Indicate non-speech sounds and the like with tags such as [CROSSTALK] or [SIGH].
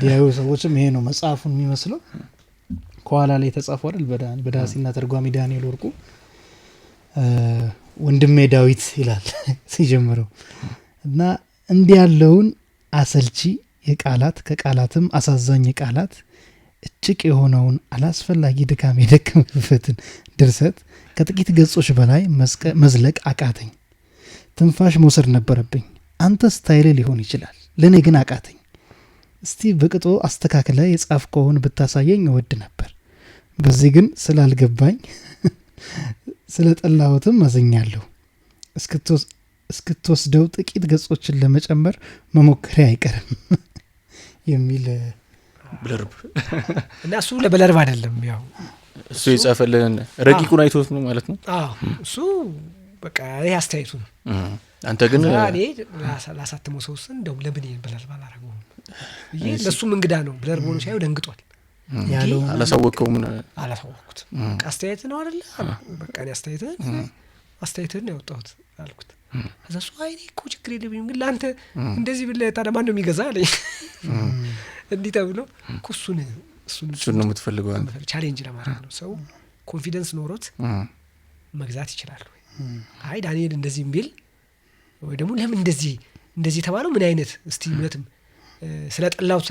እንዲያዩ ሰዎችም ይሄ ነው መጽሐፉ የሚመስለው። ከኋላ ላይ ተጻፏል አይደል? ተርጓሚ ዳንኤል ወርቁ ወንድሜ ዳዊት ይላል [LAUGHS] ሲጀምረው እና እንዲህ ያለውን አሰልቺ የቃላት ከቃላትም አሳዛኝ የቃላት እጅግ የሆነውን አላስፈላጊ ድካም የደከመበትን ድርሰት ከጥቂት ገጾች በላይ መዝለቅ አቃተኝ። ትንፋሽ መውሰድ ነበረብኝ። አንተ ስታይል ሊሆን ይችላል፣ ለእኔ ግን አቃተኝ። እስቲ በቅጡ አስተካክለ የጻፍከውን ብታሳየኝ እወድ ነበር። በዚህ ግን ስላልገባኝ [LAUGHS] ስለ ጠላሁትም አዝኛለሁ። እስክትወስደው ጥቂት ገጾችን ለመጨመር መሞከሬ አይቀርም [LAUGHS] የሚል ብለርብ [LAUGHS] እና እሱ ለበለርብ አይደለም። ያው እሱ የጻፈልን ረቂቁን አይቶት ነው ማለት ነው። እሱ በቃ ይህ አስተያየቱ ነው። አንተ ግን ላሳትመው ሰውስ እንደው ለምን ብለርብ አላረገውም? ብዬ ለእሱም እንግዳ ነው ብለር በሆኑ ሲያዩ ደንግጧል። አላሳወቅከውም? አላሳወቅኩት። አስተያየት ነው አደለ? በቃ አስተያየትህን አስተያየትህን ነው ያወጣሁት አልኩት። ከዛ እሱ አይ እኮ ችግር የለብኝም ግን ለአንተ እንደዚህ ብለ ታዲያ ማን ነው የሚገዛ አለኝ። እንዲህ ተብሎ እሱን እሱን ነው የምትፈልገው ቻሌንጅ ለማድረግ ነው። ሰው ኮንፊደንስ ኖሮት መግዛት ይችላሉ። አይ ዳንኤል እንደዚህ ቢል ወይ ደግሞ ለምን እንደዚህ እንደዚህ የተባለው ምን አይነት እስቲ እምነትም ስለ ጠላሁት